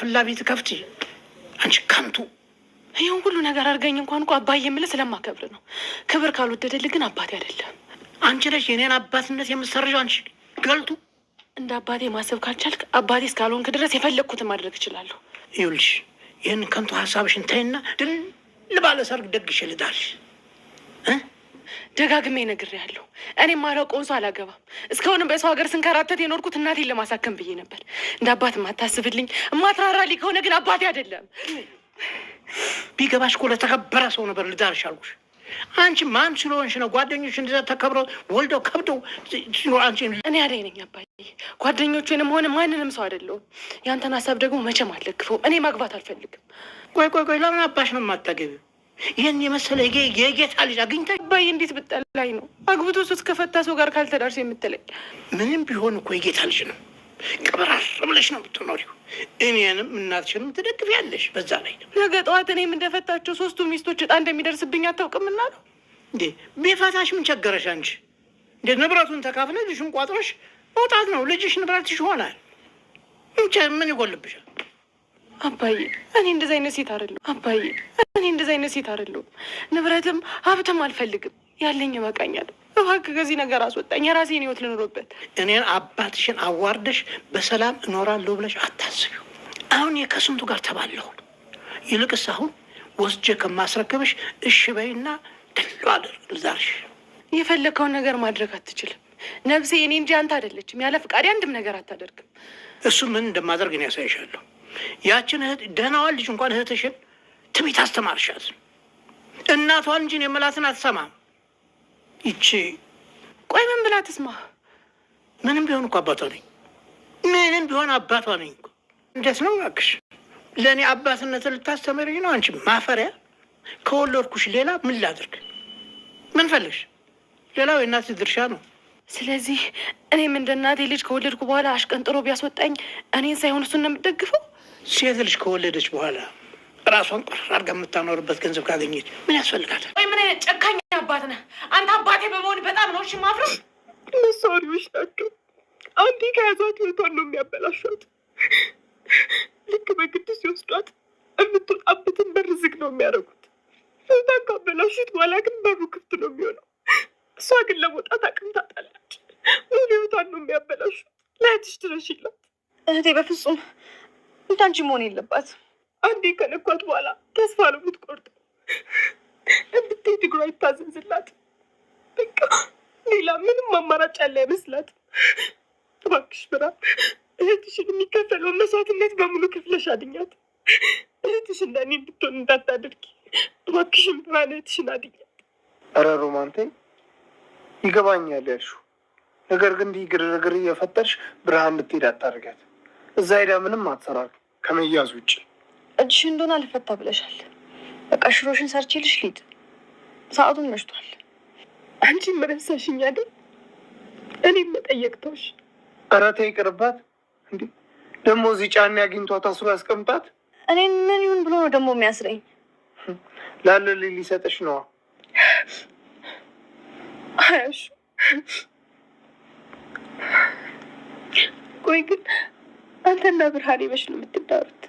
ፍላፊት ከፍቺ አንቺ ከንቱ ይህን ሁሉ ነገር አድርገኝ እንኳን እኮ አባዬ የምልህ ስለማከብር ነው። ክብር ካልወደደልህ ግን አባቴ አይደለም። አንቺ ነሽ የኔን አባትነት የምሰርዣው አንቺ ገልቱ። እንደ አባቴ ማሰብ ካልቻልክ አባቴ እስካልሆንክ ድረስ የፈለግኩትን ማድረግ እችላለሁ። ይኸውልሽ ይህን ከንቱ ሀሳብሽን ተይና ድል ባለ ሰርግ ደግሽ ልዳል ደጋግሜ ነግሬያለሁ። እኔ ማላውቀውን ሰው አላገባም። እስካሁንም በሰው ሀገር ስንከራተት የኖርኩት እናቴን ለማሳከም ብዬ ነበር። እንደ አባት የማታስብልኝ የማትራራልኝ ከሆነ ግን አባቴ አይደለም። ቢገባሽ እኮ ለተከበረ ሰው ነበር ልዳርሽ አልኩሽ። አንቺ ማን ስለሆንሽ ነው ጓደኞች እንደዛ ተከብረው ወልደው ከብደው አንቺ? እኔ አደይ ነኝ አባዬ። ጓደኞቹንም ሆነ ማንንም ሰው አይደለሁም። ያንተን ሀሳብ ደግሞ መቼም አልለግፈው። እኔ ማግባት አልፈልግም። ቆይ ቆይ ቆይ፣ ለምን አባሽ ነው የማታገቢው? ይህን የመሰለ የጌታ ልጅ አግኝታ ባይ እንዴት ብጠላኝ ነው? አግብቶ ሶስት ከፈታ ሰው ጋር ካልተዳርስ የምትለኝ? ምንም ቢሆን እኮ የጌታ ልጅ ነው። ቅብራር ብለሽ ነው የምትኖሪው። እኔንም እናትሽንም ትደግፊያለሽ። በዛ ላይ ነገ ጠዋት እኔም እንደፈታቸው ሶስቱ ሚስቶች እጣ እንደሚደርስብኝ አታውቅምና ነው እንዴ? ቤፋታሽ ምን ቸገረሽ አንቺ? እንደ ንብረቱን ተካፍለ ልጅን ቋጥረሽ መውጣት ነው። ልጅሽ ንብረትሽ ይሆናል። ምን ይጎልብሻል? አባዬ እኔ እንደዚ አይነት ሴት አይደለሁ። አባዬ እኔ እንደዚ አይነት ሴት አይደለሁም። ንብረትም ሀብትም አልፈልግም። ያለኝ ይበቃኛል። እባክህ ከዚህ ነገር አስወጣኝ። የራሴን ህይወት ልኖርበት። እኔን አባትሽን አዋርደሽ በሰላም እኖራለሁ ብለሽ አታስቢው። አሁን የከስንቱ ጋር ተባለሁ። ይልቅስ አሁን ወስጄ ከማስረከብሽ እሺ በይና ትሉ አደርግ ዛርሽ የፈለግከውን ነገር ማድረግ አትችልም። ነፍሴ እኔ እንጂ አንተ አይደለችም። ያለ ፍቃድ አንድም ነገር አታደርግም። እሱ ምን እንደማደርግ እኔ ያሳይሻለሁ። ያችን እህት ደህናዋን ልጅ እንኳን እህትሽን ትቤት አስተማርሻት። እናቷን እንጂን የምላትን አትሰማም። ይቺ ቆይ ምን ብላ ትስማ? ምንም ቢሆን እኮ አባቷ ነኝ። ምንም ቢሆን አባቷ ነኝ። እንዴት ነው እባክሽ ለእኔ አባትነትን ልታስተምርኝ ነው? አንቺ ማፈሪያ ከወለድኩሽ ሌላ ምን ላድርግ? ምን ፈልግሽ? ሌላው የእናት ድርሻ ነው። ስለዚህ እኔም እንደ እናቴ ልጅ ከወለድኩ በኋላ አሽቀንጥሮ ቢያስወጣኝ እኔን ሳይሆን እሱን ነው የምትደግፈው። ሴት ልጅ ከወለደች በኋላ ራሷን ቁርር አድርጋ የምታኖርበት ገንዘብ ካገኘች ምን ያስፈልጋል? ወይ ምን ጨካኝ አባት ነህ አንተ! አባቴ በመሆን በጣም ነው ሽማፍረው። መሳሪያዎች ናቸው። አንዴ ከያዛት ህይወቷን ነው የሚያበላሻት። ልክ በግድ ሲወስዷት የምትወጣበትን በር ዝግ ነው የሚያደርጉት። ህይወቷን ካበላሹት በኋላ ግን በሩ ክፍት ነው የሚሆነው። እሷ ግን ለመውጣት አቅም ታጣለች። ሙሉ ህይወቷን ነው የሚያበላሹት። ለእህትሽ ድረሽላት እህቴ። በፍጹም እንዳንቺ መሆን የለባት አንዴ ከነኳት በኋላ ተስፋ ነው የምትቆርጠው። እንድትሄድ እግሯ ይታዘዝላት። በቃ ሌላ ምንም አማራጭ ያለ አይመስላትም። እባክሽ ብራ፣ እህትሽን የሚከፈለውን መስዋዕትነት በሙሉ ከፍለሽ አድኛት። እህትሽ እንደኔ እንድትሆን እንዳታደርጊ። እባክሽን ብርሃን፣ እህትሽን አድኛት። ኧረ ሮማንቴ ይገባኛል ያልሺው ነገር ግን እንዲህ ግርግር እየፈጠርሽ ብርሃን እንድትሄድ አታደርጊያት። እዛ ሄዳ ምንም አትሰራር ከመያዝ ውጭ። እጅሽ እንደሆነ አልፈታ ብለሻል። በቃ ሽሮሽን ሰርቼልሽ ልሂድ፣ ሰዓቱን መሽቷል። አንቺ መረሳሽኝ አይደል? እኔም መጠየቅ ተውሽ። ኧረ ተይ ይቅርባት። እንዲ ደግሞ እዚህ ጫኔ አግኝቷት አስሮ ያስቀምጣት። እኔ ምን ይሁን ብሎ ነው ደግሞ የሚያስረኝ? ላለ ሊሰጠሽ ነዋ። አያሹ ቆይ ግን አንተና ብርሃኔ መች ነው የምትዳሩት?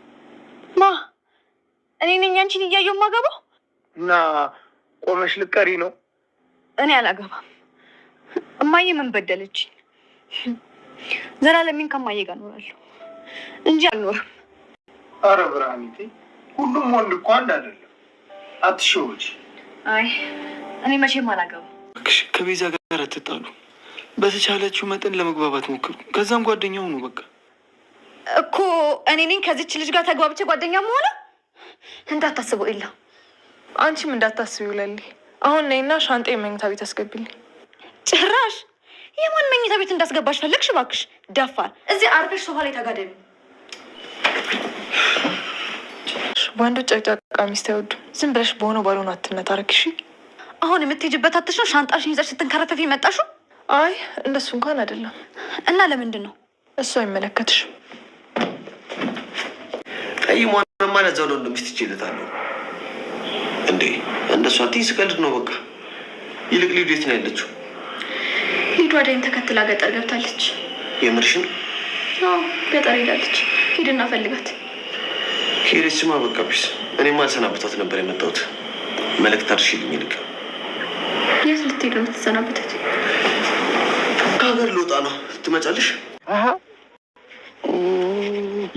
ማ እኔ ነኝ አንቺን እያየሁ የማገባው? እና ቆመሽ ልቀሪ ነው? እኔ አላገባም። እማዬ ምን በደለች? ዘላለሚን ከማዬ ጋር እኖራለሁ እንጂ አልኖርም። አረ ብርሃኔቴ፣ ሁሉም ወንድ እኮ አንድ አይደለም። አትሸዎች። አይ እኔ መቼም አላገባም። ከቤዛ ጋር አትጣሉ። በተቻለችው መጠን ለመግባባት ሞክሩ። ከዛም ጓደኛው ነው በቃ እኮ እኔ ነኝ ከዚች ልጅ ጋር ተግባብቼ ጓደኛ መሆነ እንዳታስቡ የለ አንቺም እንዳታስቢው ለሊ አሁን ነይና ሻንጤ መኝታ ቤት አስገቢልኝ ጭራሽ የማን መኝታ ቤት እንዳስገባሽ ፈለግሽ እባክሽ ደፋል እዚህ አርፈሽ ሶፋ ላይ ተጋደሚ ወንዶች ጨቅጫቃ ሚስት አይወዱም ዝም ብለሽ በሆነው ባልሆነ አትነታረክ እሺ አሁን የምትሄጂበት አትሽ ነው ሻንጣሽን ይዘሽ ስትንከረፈፊ መጣሹ አይ እንደሱ እንኳን አይደለም እና ለምንድን ነው እሱ አይመለከትሽም ኢሞን ማለት ዘው ነው እንደሚስት ይችላል እንዴ እንደሷ አትይስ ቀልድ ነው በቃ ይልቅ ሊዱ የት ነው ያለችው ሊዱ አደይን ተከትላ ገጠር ገብታለች የምርሽ ነው? አዎ ገጠር ሄዳለች ሂድና ፈልጋት ሄደችማ በቃ ቢስ እኔማ አልሰናበቷት ነበር የመጣሁት መልእክት አድርሽልኝ ይልቅ የት ልትሄድ ነው የምትሰናበታት ከሀገር ልወጣ ነው ትመጫለሽ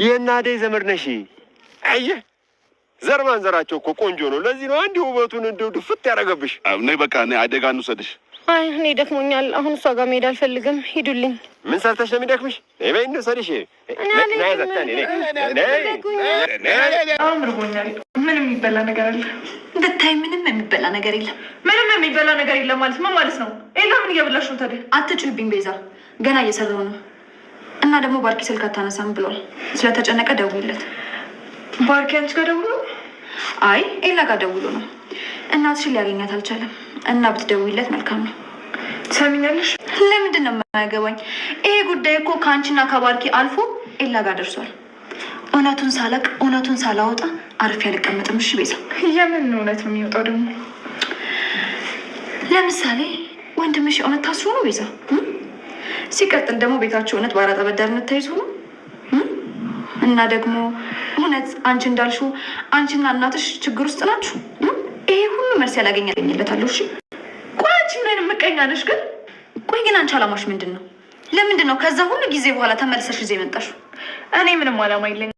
የእነ አደይ ዘመድ ነሽ አየህ ዘር ማንዘራቸው እኮ ቆንጆ ነው። ለዚህ ነው አንድ ውበቱን እንደው ድፍት ያደረገብሽ። ነይ በቃ ነይ፣ አደጋ እንውሰድሽ። አይ እኔ ደክሞኛል። አሁን እሷ ጋር መሄድ አልፈልግም። ሂዱልኝ። ምን ሰርተሽ ነው የሚደክምሽ? ነይ በይ እንውሰድሽ። ምንም የሚበላ ነገር አለ ብታይ። ምንም የሚበላ ነገር የለም። ምንም የሚበላ ነገር የለም ማለት ምን ማለት ነው? ኤላ ምን እየበላሽ ነው ታዲያ? አትጭብኝ ቤዛ፣ ገና እየሰራው ነው። እና ደግሞ ባርኪ ስልክ አታነሳም ብሏል። ስለተጨነቀ ደውይለት። ባርኪ አንቺ ጋር ደውሎ ነው? አይ ኤላ ጋር ደውሎ ነው። እናትሽን ሊያገኛት አልቻለም እና ብትደውይለት መልካም ነው። ትሰሚኛለሽ? ለምንድን ነው የማያገባኝ? ይሄ ጉዳይ እኮ ከአንቺና ከባርኪ አልፎ ኤላ ጋር ደርሷል። እውነቱን ሳላቅ እውነቱን ሳላወጣ አርፌ አልቀመጥም። እሺ ቤዛ፣ የምን እውነት ነው የሚወጣው ደግሞ? ለምሳሌ ወንድምሽ እውነት ታስሮ ነው ቤዛ። ሲቀጥል ደግሞ ቤታቸው እውነት በአራጣ በዳርነት ተይዞ ነው እና ደግሞ እውነት አንቺ እንዳልሹ አንቺና እናትሽ ችግር ውስጥ ናችሁ። ይሄ ሁሉ መልስ ያላገኛገኝለታለሁ። እሺ ቆይ አንቺ ምን አይነት ምቀኛ ነሽ ግን? ቆይ ግን አንቺ አላማሽ ምንድን ነው? ለምንድን ነው ከዛ ሁሉ ጊዜ በኋላ ተመልሰሽ ዜ የመጣሽው? እኔ ምንም አላማ የለኝ።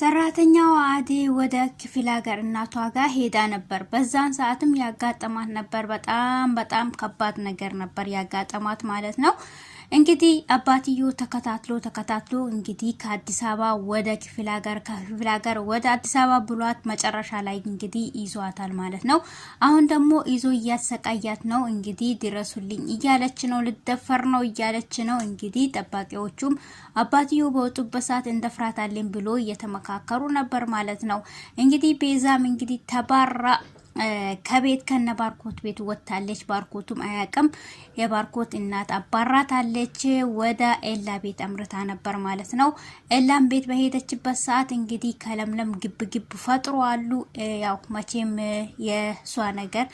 ሰራተኛዋ አዴ ወደ ክፍለ ሀገር እናቷ ጋር ሄዳ ነበር። በዛን ሰዓትም ያጋጠማት ነበር። በጣም በጣም ከባድ ነገር ነበር ያጋጠማት ማለት ነው። እንግዲህ አባትዮ ተከታትሎ ተከታትሎ እንግዲህ ከአዲስ አበባ ወደ ክፍለ ሀገር ከክፍለ ሀገር ወደ አዲስ አበባ ብሏት መጨረሻ ላይ እንግዲህ ይዟታል ማለት ነው። አሁን ደግሞ ይዞ እያሰቃያት ነው እንግዲህ ድረሱልኝ እያለች ነው፣ ልደፈር ነው እያለች ነው። እንግዲህ ጠባቂዎቹም አባትዮ በወጡበት ሰዓት እንደፍራታለን ብሎ እየተመካከሩ ነበር ማለት ነው። እንግዲህ ቤዛም እንግዲህ ተባራ ከቤት ከነ ባርኮት ቤት ወጥታለች። ባርኮቱም አያቅም። የባርኮት እናት አባራታለች። ወደ ኤላ ቤት አምርታ ነበር ማለት ነው። ኤላም ቤት በሄደችበት ሰዓት እንግዲህ ከለምለም ግብ ግብ ፈጥሮ አሉ። ያው መቼም የእሷ ነገር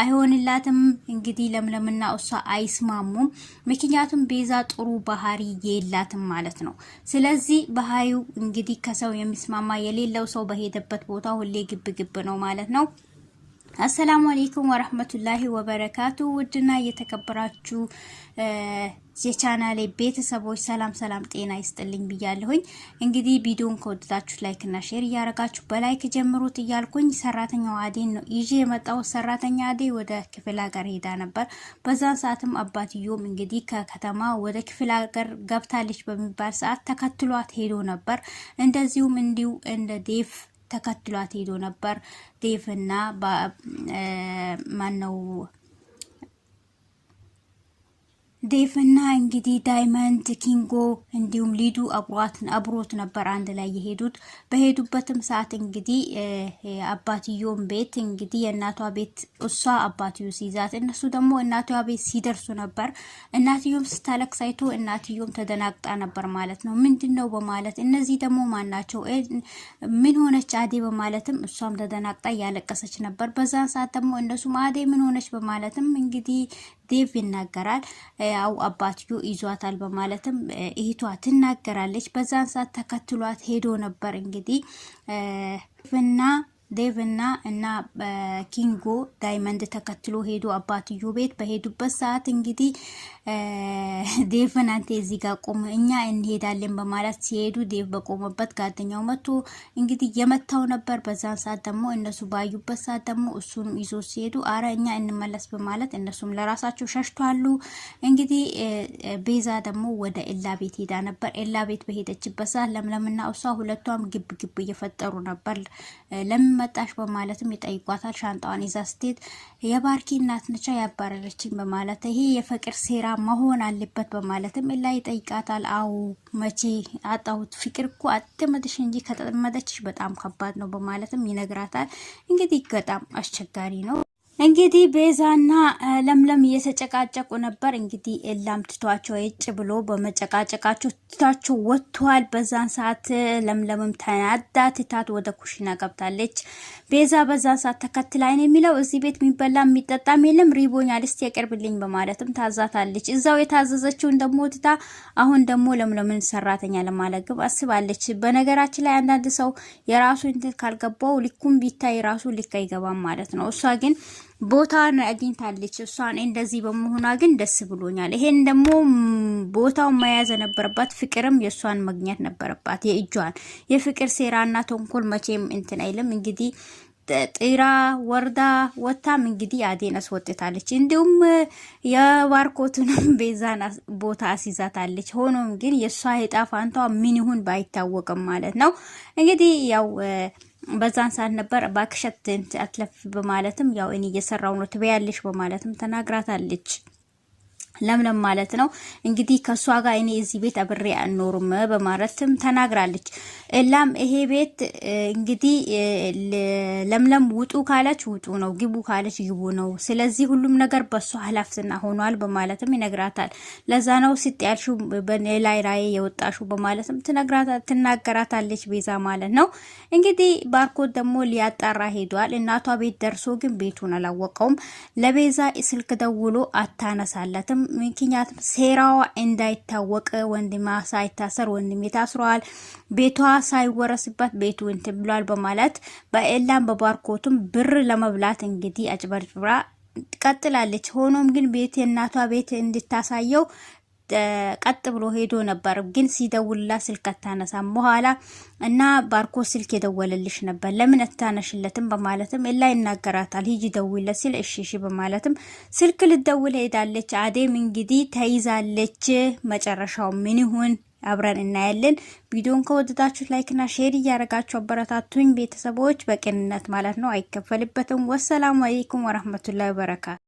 አይሆንላትም። እንግዲህ ለምለምና እሷ አይስማሙም። ምክንያቱም ቤዛ ጥሩ ባህሪ የላትም ማለት ነው። ስለዚህ ባህሪው እንግዲህ ከሰው የሚስማማ የሌለው ሰው በሄደበት ቦታ ሁሌ ግብ ግብ ነው ማለት ነው። አሰላሙ አሌይኩም ወረህመቱላሂ ወበረካቱ ውድና እየተከበራችሁ የቻናሌ ቤተሰቦች ሰላም ሰላም፣ ጤና ይስጥልኝ ብያለሁኝ። እንግዲህ ቪዲዮን ላይክ እና ሼር እያደረጋችሁ በላይክ ጀምሩት እያልኩኝ ሰራተኛው አዴን ነው ይዤ የመጣው። ሰራተኛ አዴ ወደ ክፍለ ሀገር ሄዳ ነበር። በዛን ሰዓትም አባትዮም እንግዲህ ከከተማ ወደ ክፍለ ሀገር ገብታለች በሚባል ሰዓት ተከትሏት ሄዶ ነበር። እንደዚሁም እንዲሁ እንደ ዴፍ ተከትሏት ሄዶ ነበር። እና ማነው ዴቭና እንግዲህ ዳይመንድ ኪንጎ እንዲሁም ሊዱ አብሮት ነበር አንድ ላይ የሄዱት። በሄዱበትም ሰዓት እንግዲህ አባትዮን ቤት እንግዲህ የእናቷ ቤት እሷ አባትዮ ሲይዛት እነሱ ደግሞ እናትዮዋ ቤት ሲደርሱ ነበር። እናትዮም ስታለቅስ እናትዮም ተደናግጣ ነበር ማለት ነው። ምንድን ነው በማለት እነዚህ ደግሞ ማናቸው ምን ሆነች አዴ በማለትም እሷም ተደናግጣ እያለቀሰች ነበር። በዛን ሰዓት ደግሞ እነሱም አዴ ምን ሆነች በማለትም እንግዲህ ዴቭ ይናገራል። ያው አባትዮ ይዟታል በማለትም እህቷ ትናገራለች። በዛን ሰዓት ተከትሏት ሄዶ ነበር እንግዲህ እና ዴቭ እና እና ኪንጎ ዳይመንድ ተከትሎ ሄዱ አባትዮ ቤት። በሄዱበት ሰዓት እንግዲህ ዴቭን አንተ እዚህ ጋር ቆም፣ እኛ እንሄዳለን በማለት ሲሄዱ ዴቭ በቆመበት ጓደኛው መጥቶ እንግዲህ የመታው ነበር። በዛን ሰዓት ደግሞ እነሱ ባዩበት ሰዓት ደግሞ እሱን ይዞ ሲሄዱ አረ እኛ እንመለስ በማለት እነሱም ለራሳቸው ሸሽቷሉ። እንግዲህ ቤዛ ደግሞ ወደ ኤላ ቤት ሄዳ ነበር። ኤላ ቤት በሄደችበት ሰዓት ለምለምና እሷ ሁለቷም ግብ ግብ እየፈጠሩ ነበር ለም ለምን መጣሽ በማለትም ይጠይቋታል። ሻንጣዋን ይዛ ስትሄድ የባርኪ እናት ነቻ ያባረረችኝ በማለት ይሄ የፍቅር ሴራ መሆን አለበት በማለትም ላይ ይጠይቃታል። አዎ መቼ አጣሁት ፍቅር እኮ አትመጥሽ እንጂ ከጠመደችሽ በጣም ከባድ ነው በማለትም ይነግራታል። እንግዲህ በጣም አስቸጋሪ ነው። እንግዲህ ቤዛና ለምለም እየተጨቃጨቁ ነበር። እንግዲህ ኤላም ትቷቸው እጭ ብሎ በመጨቃጨቃቸው ትቷቸው ወጥቷል። በዛን ሰዓት ለምለምም ተናዳ ትታት ወደ ኩሽና ገብታለች። ቤዛ በዛን ሰዓት ተከትላይን የሚለው እዚህ ቤት የሚበላ የሚጠጣም የለም ሪቦኛል፣ እስቲ ያቀርብልኝ በማለትም ታዛታለች። እዛው የታዘዘችውን ደግሞ ትታ አሁን ደግሞ ለምለምን ሰራተኛ ለማለግብ አስባለች። በነገራችን ላይ አንዳንድ ሰው የራሱ እንትን ካልገባው ልኩም ቢታይ ራሱ ልክ አይገባም ማለት ነው። እሷ ግን ቦታን አግኝታለች። እሷን እንደዚህ በመሆኗ ግን ደስ ብሎኛል። ይሄን ደግሞ ቦታውን መያዝ ነበረባት። ፍቅርም የእሷን መግኘት ነበረባት። የእጇን የፍቅር ሴራና ተንኮል መቼም እንትን አይልም። እንግዲህ ጥራ ወርዳ ወታም እንግዲህ አዴን አስወጥታለች። እንዲሁም የባርኮቱንም ቤዛን ቦታ አስይዛታለች። ሆኖም ግን የእሷ የጣፋንቷ ምን ይሁን ባይታወቅም ማለት ነው እንግዲህ ያው በዛን ሰዓት ነበር ባክሸት አትለፍ በማለትም ያው እኔ እየሰራው ነው ትበያለሽ በማለትም ተናግራታለች። ለምለም ማለት ነው እንግዲህ ከእሷ ጋር እኔ እዚህ ቤት አብሬ አልኖርም በማለትም ተናግራለች። እላም ይሄ ቤት እንግዲህ ለምለም ውጡ ካለች ውጡ ነው፣ ግቡ ካለች ግቡ ነው። ስለዚህ ሁሉም ነገር በእሷ ኃላፊትና ሆኗል በማለትም ይነግራታል። ለዛ ነው ስጥ ያልሽው ላይ ራዬ የወጣሹ በማለትም ትናገራታለች ቤዛ ማለት ነው። እንግዲህ ባርኮት ደግሞ ሊያጣራ ሄዷል። እናቷ ቤት ደርሶ ግን ቤቱን አላወቀውም። ለቤዛ ስልክ ደውሎ አታነሳለትም። ምክንያትም ሴራዋ እንዳይታወቅ ወንድማ ሳይታሰር ወንድሜ ታስሯል፣ ቤቷ ሳይወረስባት ቤቱ እንትን ብሏል በማለት በኤላም በባርኮቱም ብር ለመብላት እንግዲህ አጭበርጭብራ ቀጥላለች። ሆኖም ግን ቤት የእናቷ ቤት እንድታሳየው ቀጥ ብሎ ሄዶ ነበር፣ ግን ሲደውላ ስልክ አታነሳም። በኋላ እና ባርኮ ስልክ የደወለልሽ ነበር ለምን አታነሽለትም በማለትም ላ ይናገራታል። ሂጂ ደውለት ሲል እሺ እሺ በማለትም ስልክ ልደውል ሄዳለች። አዴም እንግዲህ ተይዛለች። መጨረሻው ምን ይሁን አብረን እናያለን። ቪዲዮን ከወደዳችሁ ላይክና ሼር እያደረጋችሁ አበረታቱኝ ቤተሰቦች፣ በቅንነት ማለት ነው አይከፈልበትም። ወሰላሙ አሌይኩም ወረህመቱላሂ ወበረካቱ